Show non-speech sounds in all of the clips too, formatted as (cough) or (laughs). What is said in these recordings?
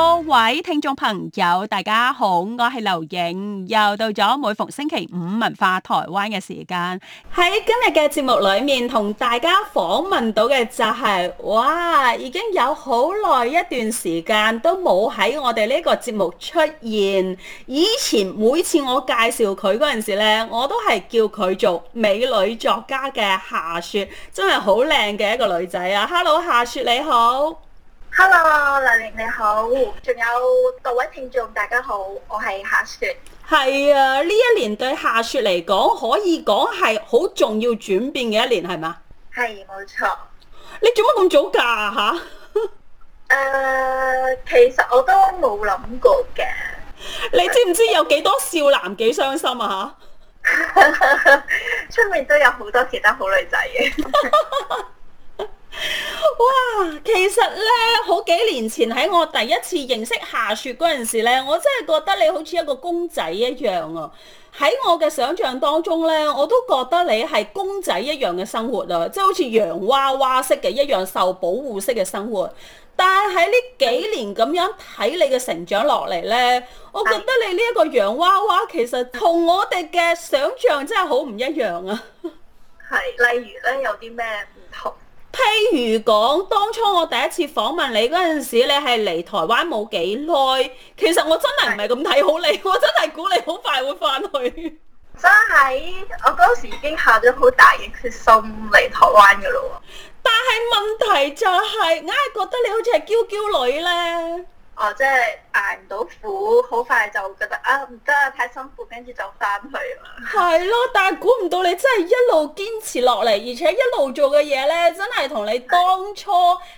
各位聽眾朋友，大家好，我係劉瑩，又到咗每逢星期五文化台灣嘅時間。喺今日嘅節目裏面，同大家訪問到嘅就係、是，哇，已經有好耐一段時間都冇喺我哋呢個節目出現，以前每次我介紹佢嗰陣時呢，我都係叫佢做美女作家嘅夏雪，真係好靚嘅一個女仔啊！Hello，夏雪你好。Hello，劉玲你好，仲有各位聽眾，大家好，我係夏雪。係啊，呢一年對夏雪嚟講，可以講係好重要轉變嘅一年，係嘛，啊？係，冇錯。你做乜咁早嫁啊？吓？誒，其實我都冇諗過嘅。你知唔知有幾多少，少男幾傷心啊？吓？出面都有好多其他好女仔嘅。咧好幾年前喺我第一次認識夏雪嗰陣時咧，我真係覺得你好似一個公仔一樣啊。喺我嘅想象當中咧，我都覺得你係公仔一樣嘅生活啊，即係好似洋娃娃式嘅一樣受保護式嘅生活。但係喺呢幾年咁樣睇你嘅成長落嚟咧，我覺得你呢一個洋娃娃其實同我哋嘅想象真係好唔一樣啊。係，例如咧，有啲咩唔同？譬如講，當初我第一次訪問你嗰陣時，你係嚟台灣冇幾耐，其實我真係唔係咁睇好你，的我真係估你好快會翻去。真係，我嗰時已經下咗好大嘅決心嚟台灣嘅咯。但係問題就係、是，硬係覺得你好似係嬌嬌女咧。哦，即係捱唔到苦，好快就覺得啊唔得太辛苦，跟住就翻去啦。係咯，但係估唔到你真係一路堅持落嚟，而且一路做嘅嘢呢，真係同你當初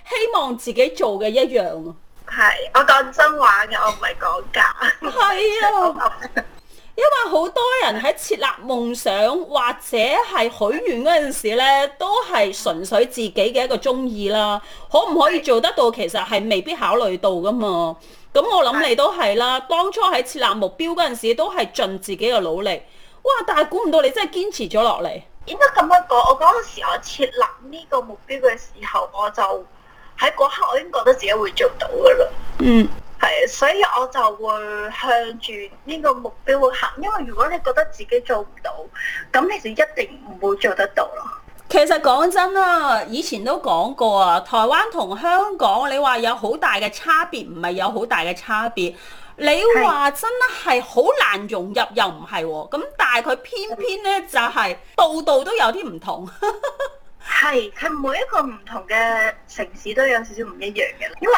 希望自己做嘅一樣。係，我講真話嘅，我唔係講假。係啊 (laughs) 的。 (laughs) 因為好多人喺設立夢想或者係許願嗰陣時咧，都係純粹自己嘅一個中意啦。可唔可以做得到，其實係未必考慮到噶嘛。咁我諗你都係啦。當初喺設立目標嗰陣時，都係盡自己嘅努力。哇！但係估唔到你真係堅持咗落嚟。應該咁樣講，我嗰個時候我設立呢個目標嘅時候，我就喺嗰刻，我已經覺得自己會做到噶啦。嗯。係，所以我就會向住呢個目標去行，因為如果你覺得自己做唔到，咁你就一定唔會做得到啦。其實講真啦，以前都講過啊，台灣同香港，你話有好大嘅差別，唔係有好大嘅差別，你話真係好難融入，又唔係喎，咁但係佢偏偏呢就係度度都有啲唔同，係 (laughs) 係每一個唔同嘅城市都有少少唔一樣嘅，因為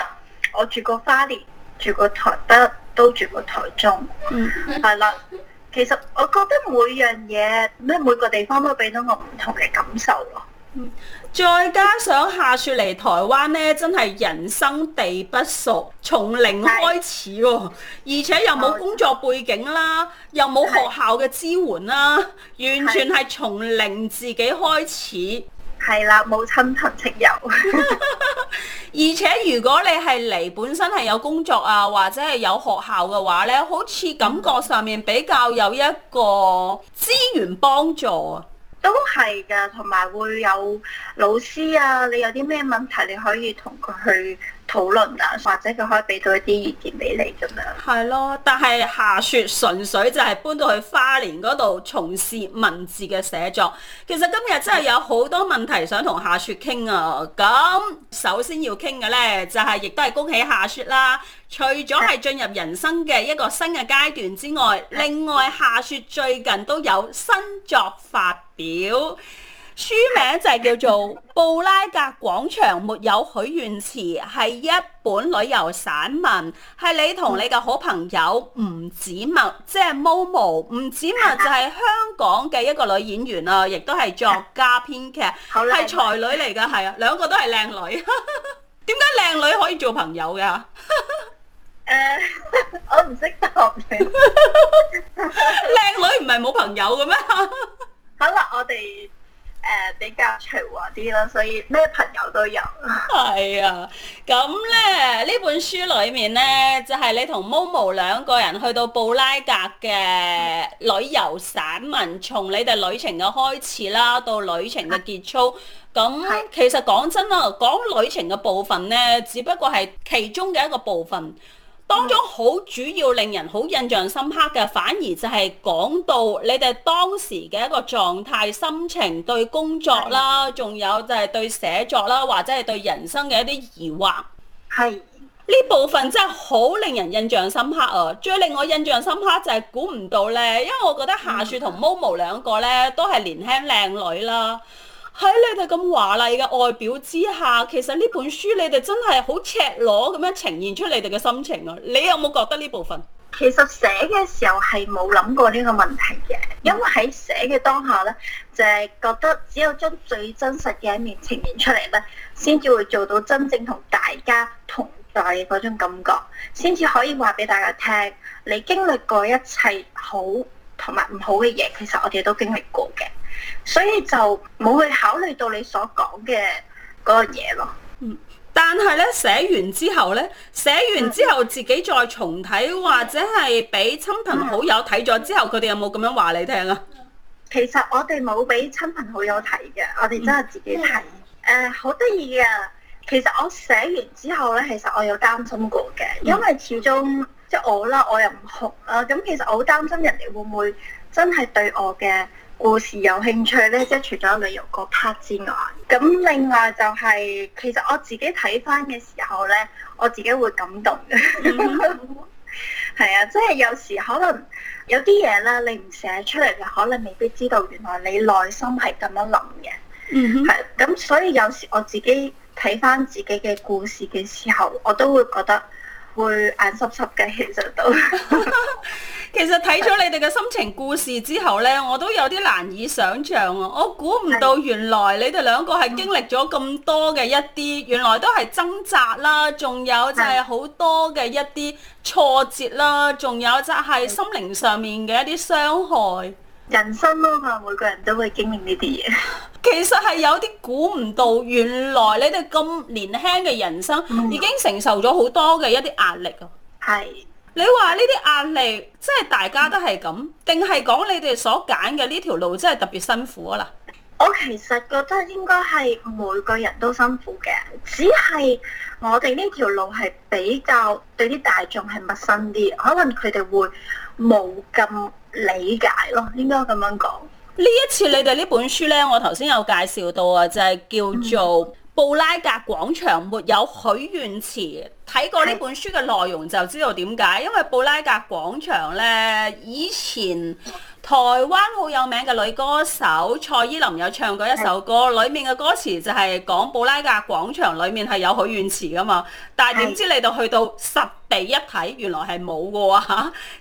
我住過花蓮。住過台北，都住過台中，嗯，係啦。其實我覺得每樣嘢，咩每個地方都俾到我唔同嘅感受咯。嗯、再加上下雪嚟台灣呢，真係人生地不熟，從零開始喎、啊，是而且又冇工作背景啦，哦、又冇學校嘅支援啦，是完全係從零自己開始。係啦，冇親朋戚友。 (laughs) 而且如果你係嚟本身係有工作啊，或者係有學校嘅話呢，好似感覺上面比較有一個資源幫助啊，都係㗎，同埋會有老師啊，你有啲咩問題你可以同佢去討論啊，或者佢可以俾到一啲意見俾你咁樣。係咯，但係夏雪純粹就係搬到去花蓮嗰度從事文字嘅寫作。其實今日真係有好多問題想同夏雪傾啊。咁首先要傾嘅呢，就係亦都係恭喜夏雪啦。除咗係進入人生嘅一個新嘅階段之外，另外夏雪最近都有新作發表。書名就係叫做《布拉格廣場沒有許願池》，係一本旅遊散文，係你同你嘅好朋友吳沚默，即係 Momo，吳沚默就係香港嘅一個女演員啊，亦都係作家編劇、編劇，係才女嚟噶，係啊，兩個都係靚女，點解靚女可以做朋友嘅？誒、 (laughs) 呃，我唔識答。靚 (laughs) (laughs) 女唔係冇朋友嘅咩？ (laughs) 好啦，我哋。誒，比較隨和啲啦，所以咩朋友都有。係 (laughs) 啊，咁咧呢本書裏面呢，就係、是、你同 Momo 兩個人去到布拉格嘅旅遊散文，從你哋旅程嘅開始啦，到旅程嘅結束。咁其實講真啦，講旅程嘅部分呢，只不過係其中嘅一個部分。當中好主要令人好印象深刻嘅，反而就係講到你哋當時嘅一個狀態、心情、對工作啦，仲的有就係對寫作啦，或者係對人生嘅一啲疑惑。係呢的部分真係好令人印象深刻啊！最令我印象深刻就係估唔到呢，因為我覺得夏雪同 Momo 兩個呢，都係年輕靚女啦。喺你哋咁華麗嘅外表之下，其實呢本書你哋真係好赤裸咁樣呈現出你哋嘅心情咯。你有冇覺得呢部分？其實寫嘅時候係冇諗過呢個問題嘅，因為喺寫嘅當下呢，就係覺得只有將最真實嘅一面呈現出嚟呢，先至會做到真正同大家同在嘅嗰種感覺，先至可以話俾大家聽，你經歷過一切好同埋唔好嘅嘢，其實我哋都經歷過嘅。所以就冇去考慮到你所講嘅嗰個嘢咯、嗯。但係咧寫完之後呢，寫完之後自己再重睇，嗯、或者係俾親朋好友睇咗之後，佢哋、嗯、有冇咁樣話你聽啊？其實我哋冇俾親朋好友睇嘅，我哋真係自己睇。誒、嗯，好得意嘅。其實我寫完之後呢，其實我有擔心過嘅，因為始終、嗯嗯、即係我啦，我又唔紅啦，咁、啊、其實我好擔心人哋會唔會真係對我嘅。故事有興趣咧，即係除咗旅遊嗰 part 之外，咁另外就係、係，其實我自己睇翻嘅時候咧，我自己會感動嘅。係、 (laughs) mm hmm. (laughs) 啊，即係有時可能有啲嘢咧，你唔寫出嚟，就可能未必知道，原來你內心係咁樣諗嘅。嗯、mm。係、hmm. 啊，咁所以有時我自己睇翻自己嘅故事嘅時候，我都會覺得，會眼濕濕嘅，其實都。 (laughs) (laughs) 其實睇咗你哋嘅心情故事之後呢，我都有啲難以想象啊。我估唔到原來你哋兩個係經歷咗咁多嘅一啲，原來都係掙扎啦，仲有就係好多嘅一啲挫折啦，仲有就係心靈上面嘅一啲傷害。人生啊嘛，每個人都會經歷呢啲嘢。其實係有啲估唔到，原來你哋咁年輕嘅人生，已經承受咗好多嘅一啲壓力啊！係是你話呢啲壓力，即係大家都係咁，定係講你哋所揀嘅呢條路真係特別辛苦啊？嗱，我其實覺得應該係每個人都辛苦嘅，只係我哋呢條路係比較對啲大眾係陌生啲，可能佢哋會冇咁理解咯，應該咁樣講。呢一次你哋呢本書呢，我頭先有介紹到啊，就係叫做布拉格廣場沒有許願池。睇過呢本書嘅內容就知道點解，因為布拉格廣場呢，以前，台灣好有名嘅女歌手蔡依林有唱過一首歌，的裡面嘅歌詞就係講布拉格廣場裡面係有許願池嘅嘛。但係點知你到去到實地一睇，原來係冇嘅喎。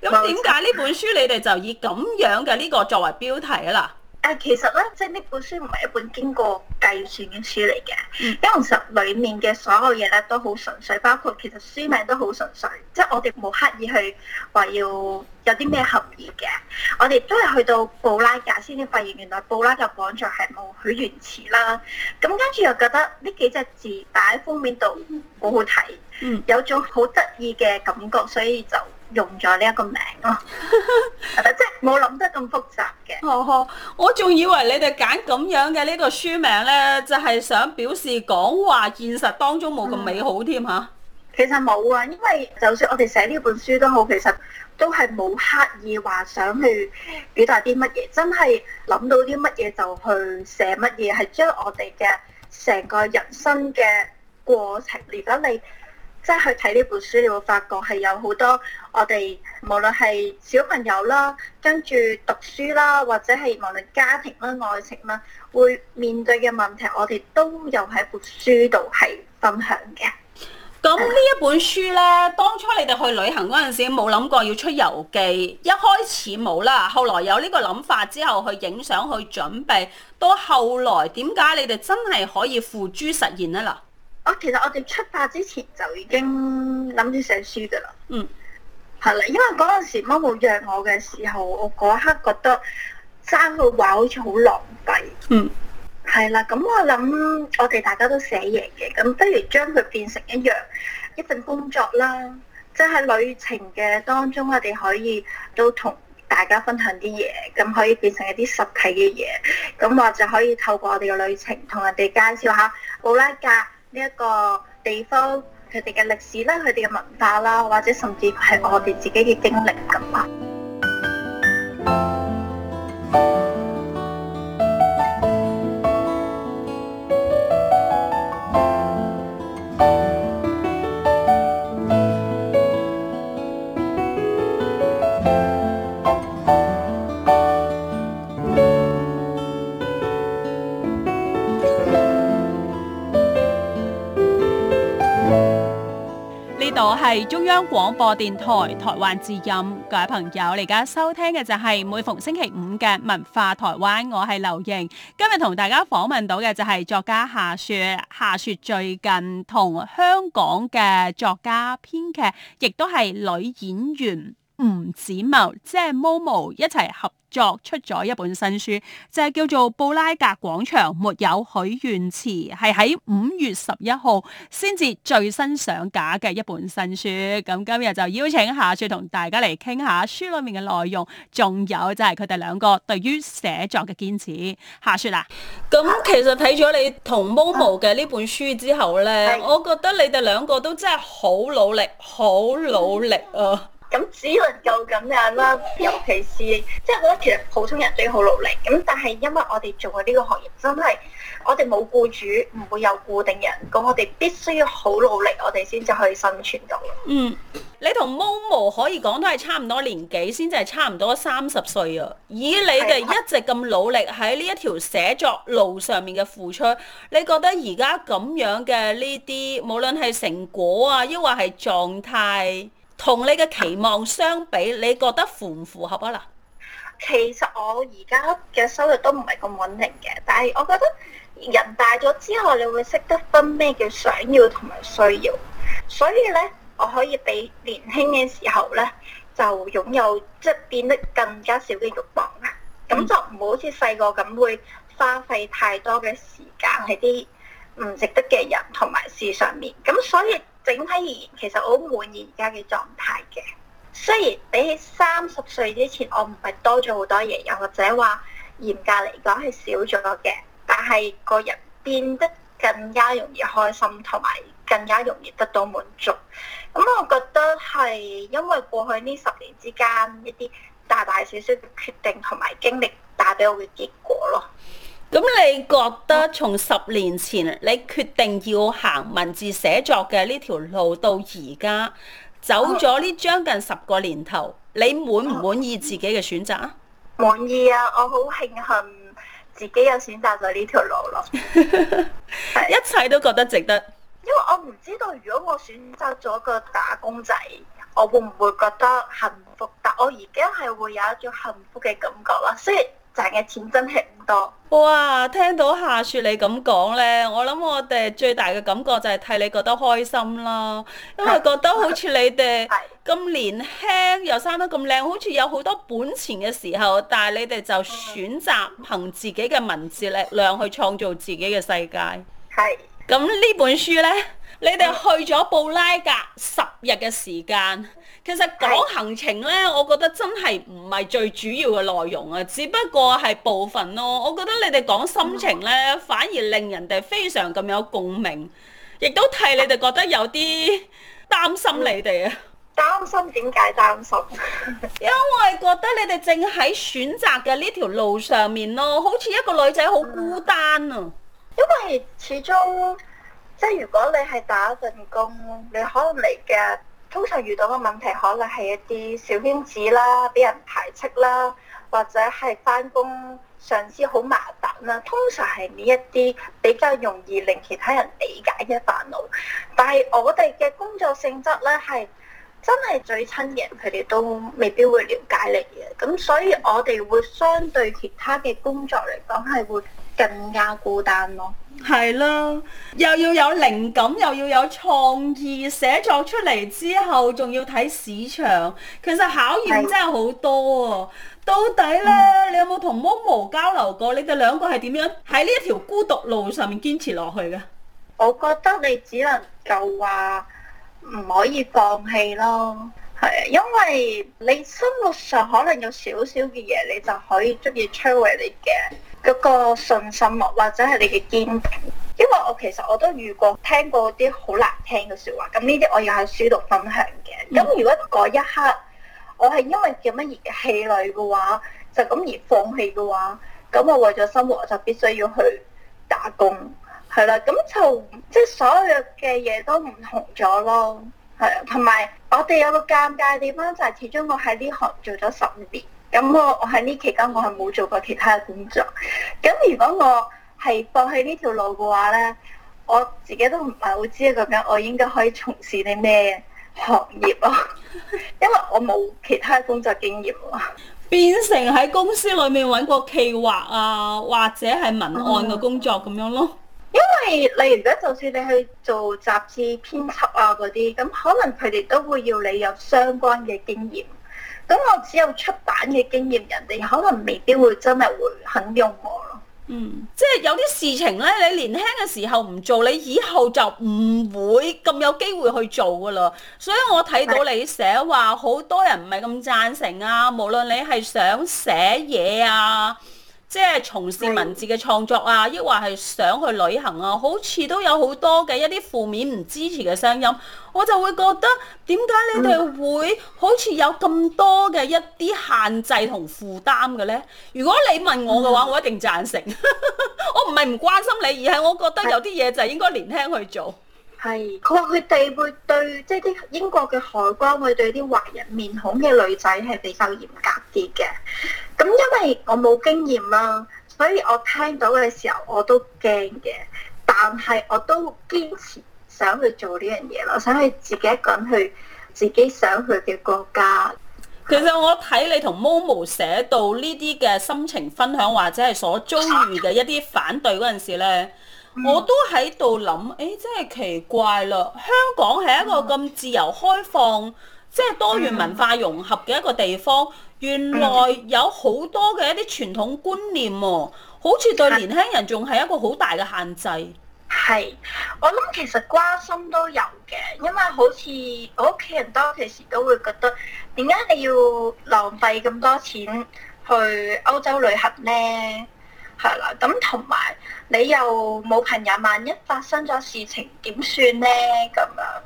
咁點解呢本書你哋就以咁樣嘅呢個作為標題啊？誒，其實咧，即係呢本書唔係一本經過計算嘅書嚟嘅，嗯、因為其實裏面嘅所有嘢咧都好純粹，包括其實書名都好純粹，即係、嗯、我哋冇刻意去話要有啲咩含義嘅，我哋都係去到布拉格先至發現，原來布拉格廣場係冇許願池啦，咁跟住又覺得呢幾隻字擺喺封面度好好睇，嗯、有種好得意嘅感覺，所以就。用咗呢一個名咯，即係冇諗得咁複雜嘅。哦哦，我仲以為你哋揀咁樣嘅呢個書名呢，就係想表示講話現實當中冇咁美好添嚇。嗯啊、其實冇啊，因為就算我哋寫呢本書都好，其實都係冇刻意話想去表達啲乜嘢，真係諗到啲乜嘢就去寫乜嘢，係將我哋嘅成個人生嘅過程列咗你。即係去睇呢本書，你會發覺係有好多我哋無論係小朋友啦，跟住讀書啦，或者係無論家庭啦、愛情啦，會面對嘅問題，我哋都有喺本書度係分享嘅。咁呢一本書呢，當初你哋去旅行嗰陣時冇諗過要出遊記，一開始冇啦，後來有呢個諗法之後去影相去準備，到後來點解你哋真係可以付諸實現呢？嗱！我其實我哋出發之前就已經諗住寫書噶啦，嗯，係啦，因為嗰陣時 Momo 約我嘅時候，我嗰刻覺得爭個畫好似好浪費，嗯，係啦，咁我諗我哋大家都寫嘢嘅，咁不如將佢變成一樣一份工作啦，即係喺旅程嘅當中，我哋可以都同大家分享啲嘢，咁可以變成一啲實體嘅嘢，咁或就可以透過我哋嘅旅程同人哋介紹下布拉格。呢一個地方，佢哋嘅歷史啦，佢哋嘅文化啦，或者甚至係我哋自己嘅經歷咁啊。 (music) 係中央廣播電台台灣之音，各位朋友，你而家收聽嘅就係每逢星期五嘅文化台灣，我係劉瑩，今日同大家訪問到嘅就係作家夏雪，夏雪最近同香港嘅作家編劇，亦都係女演員。吳沚默即係 Momo 一齊合作出咗一本新書，就係、是、叫做《布拉格廣場沒有許願池》，係喺五月十一號先至最新上架嘅一本新書。咁今日就邀請夏雪同大家嚟傾下書裏面嘅內容，仲有就係佢哋兩個對於寫作嘅堅持。夏雪啊，咁其實睇咗你同 Momo 嘅呢本書之後呢，我覺得你哋兩個都真係好努力，好努力啊！咁只能夠咁樣啦，尤其是即係我覺得其實普通人都好努力，咁但係因為我哋做嘅呢個行業真係，我哋冇僱主，唔會有固定人工，咁我哋必須要好努力，我哋先至可以生存到。嗯，你同 Momo 可以講都係差唔多年紀，先至係差唔多三十歲啊。以你哋一直咁努力喺呢一條寫作路上面嘅付出，你覺得而家咁樣嘅呢啲，無論係成果啊，抑或係狀態？同你嘅期望相比，你覺得符唔符合啊？嗱，其實我而家嘅收入都唔係咁穩定嘅，但係我覺得人大咗之後你會識得分咩叫想要同埋需要，所以咧，我可以比年輕嘅時候咧，就擁有即係變得更加少嘅慾望啦。咁、嗯、就唔會好似細個咁會花費太多嘅時間喺啲唔值得嘅人同埋事上面。咁所以。整體而言，其實我好滿意而家嘅狀態嘅。雖然比起三十歲之前，我唔係多咗好多嘢，又或者話嚴格嚟講係少咗嘅，但係個人變得更加容易開心，同埋更加容易得到滿足。咁我覺得係因為過去呢十年之間一啲大大小小嘅決定，同埋經歷帶俾我嘅結果咯。咁你覺得從十年前你決定要行文字寫作嘅呢條路到而家走咗呢將近十個年頭，你滿唔滿意自己嘅選擇啊？滿意啊！我好慶幸自己有選擇咗呢條路咯，一切都覺得值得。因為我唔知道如果我選擇咗個打工仔，我會唔會覺得幸福？但我而家係會有一種幸福嘅感覺啦，所以。賺嘅錢真係唔多。哇，聽到夏雪你咁講咧，我諗我哋最大嘅感覺就係替你覺得開心囉，因為覺得好似你哋咁年輕又生得咁靚，好似有好多本錢嘅時候，但係你哋就選擇憑自己嘅文字力量去創造自己嘅世界。係。咁呢本書呢，你哋去咗布拉格十日嘅時間，其實講行程呢，我覺得真係唔係最主要嘅內容啊，只不過係部分咯。我覺得你哋講心情呢，反而令人哋非常咁有共鳴，亦都替你哋覺得有啲擔心你哋啊。擔心點解擔心？為擔心 (laughs) 因為覺得你哋正喺選擇嘅呢條路上面咯，好似一個女仔好孤單啊。因為始終，即係如果你係打份工，你可能嚟嘅，通常遇到嘅問題，可能係一啲小圈子啦，俾人排斥啦，或者係翻工上司好麻煩啦，通常係呢一啲比較容易令其他人理解嘅煩惱。但係我哋嘅工作性質呢，係真係最親嘅人，佢哋都未必會了解你嘅。咁所以我哋會相對其他嘅工作嚟講，係會。更加孤單咯，係啦，又要有靈感，又要有創意，寫作出嚟之後，仲要睇市場，其實考驗真係好多哦。哎、到底咧，嗯、你有冇同 Momo 交流過？你哋兩個係點樣喺呢一條孤獨路上面堅持落去嘅？我覺得你只能夠話唔可以放棄咯，係因為你生活上可能有少少嘅嘢，你就可以中意摧毀你嘅。嗰個信心咯，或者係你嘅堅定，因為我其實我都遇過聽過啲好難聽嘅説話，咁呢啲我又喺書度分享嘅。咁、嗯、如果嗰一刻我係因為咁樣而氣餒嘅話，就咁而放棄嘅話，咁我為咗生活我就必須要去打工，係啦，咁就即係、就是、所有嘅嘢都唔同咗咯，係啊，同埋我哋有個尷尬點啦，就係、是、始終我喺呢行做咗十五年。咁我我喺呢期間我係冇做過其他嘅工作。咁如果我係放棄呢條路嘅話呢，我自己都唔係好知啊究竟我應該可以從事啲咩行業咯？ (laughs) 因為我冇其他工作經驗喎。變成喺公司裏面揾個企劃啊，或者係文案嘅工作咁樣咯、嗯。因為你而家就算你去做雜誌編輯啊嗰啲，咁可能佢哋都會要你有相關嘅經驗。咁我只有出版嘅經驗，人哋可能未必會真係會肯用我咯。嗯，即係有啲事情咧，你年輕嘅時候唔做，你以後就唔會咁有機會去做噶啦。所以我睇到你寫話，好的多人唔係咁贊成啊。無論你係想寫嘢啊。即係從事文字嘅創作啊，抑或係想去旅行啊，好似都有好多嘅一啲負面唔支持嘅聲音，我就會覺得點解你哋會好似有咁多嘅一啲限制同負擔嘅咧？如果你問我嘅話，我一定贊成。 (laughs) 我唔係唔關心你，而係我覺得有啲嘢就係應該年輕去做。係，佢話佢哋會對即係啲英國嘅海關會對啲華人面孔嘅女仔係比較嚴格啲嘅。咁因為我冇經驗啦，所以我聽到嘅時候我都驚嘅，但係我都堅持想去做呢樣嘢，我想去自己一個人去自己想去嘅國家。其實我睇你同 Momo 寫到呢啲嘅心情分享，或者係所遭遇嘅一啲反對嗰陣時咧。我都喺度諗，誒、欸，真係奇怪啦！香港係一個咁自由開放、嗯、即係多元文化融合嘅一個地方，嗯、原來有好多嘅一啲傳統觀念，嗯、好似對年輕人仲係一個好大嘅限制。係，我諗其實關心都有嘅，因為好似我屋企人多，其實都會覺得，「點解你要浪費咁多錢去歐洲旅行呢？」係啦，咁同埋你又冇朋友，萬一發生咗事情點算呢？咁樣，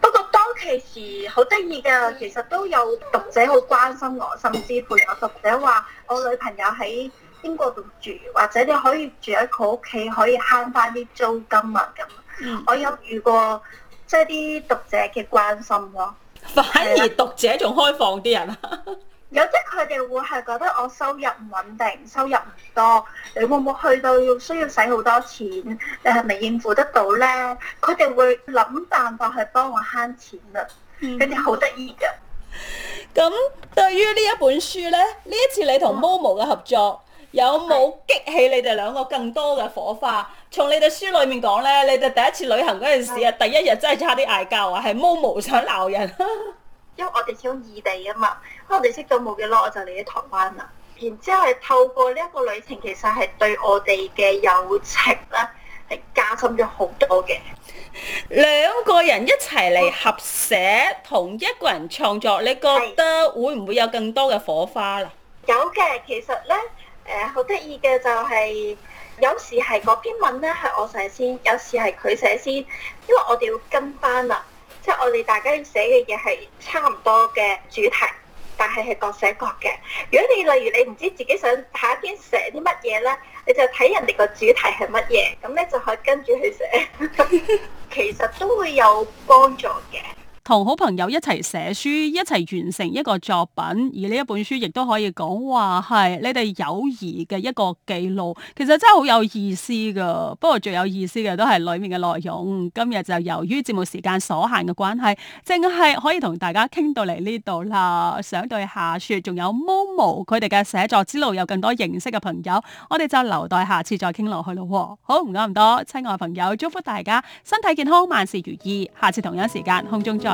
不過當其時好得意㗎，其實都有讀者好關心我，甚至乎有讀者話我女朋友喺英國度住，或者你可以住喺佢屋企，可以慳翻啲租金啊咁。我有遇過即係啲讀者嘅關心咯，反而讀者仲開放啲人。 (laughs) 有啲佢哋會係覺得我收入唔穩定，收入唔多，你會唔會去到要需要使好多錢？你係咪應付得到呢？佢哋會諗辦法去幫我慳錢啦，佢哋好得意㗎。咁對於呢一本書呢，呢一次你同 Momo 嘅合作、啊、有冇激起你哋兩個更多嘅火花？是從你哋書裏面講呢，你哋第一次旅行嗰陣時啊，是第一日真係差啲嗌交啊，係 Momo 想鬧人。 (laughs) 因為我哋始終異地啊嘛，咁我哋識咗冇幾耐，我就嚟咗台灣啦。然之後透過呢一個旅程，其實係對我哋嘅友情咧係加深咗好多嘅。兩個人一齊嚟合寫，嗯、同一個人創作你覺得會唔會有更多嘅火花啦？有嘅，其實咧，誒好得意嘅就係、是、有時係嗰篇文咧係我寫先，有時係佢寫先，因為我哋要跟班啦。即係我哋大家要寫嘅嘢係差唔多嘅主題，但係係各寫各嘅。如果你例如你唔知自己想下一篇寫啲乜嘢咧，你就睇人哋個主題係乜嘢，咁咧就可以跟住去寫。 (laughs) 其實都會有幫助嘅。同好朋友一齊寫書，一齊完成一個作品，而呢一本書亦都可以講話係你哋友誼嘅一個記錄。其實真係好有意思噶，不過最有意思嘅都係裏面嘅內容。今日就由於節目時間所限嘅關係，淨係可以同大家傾到嚟呢度啦。想對夏雪仲有 Momo 佢哋嘅寫作之路有更多認識嘅朋友，我哋就留待下次再傾落去咯，哦。好，唔該唔多，親愛嘅朋友，祝福大家身體健康，萬事如意。下次同樣時間空中再。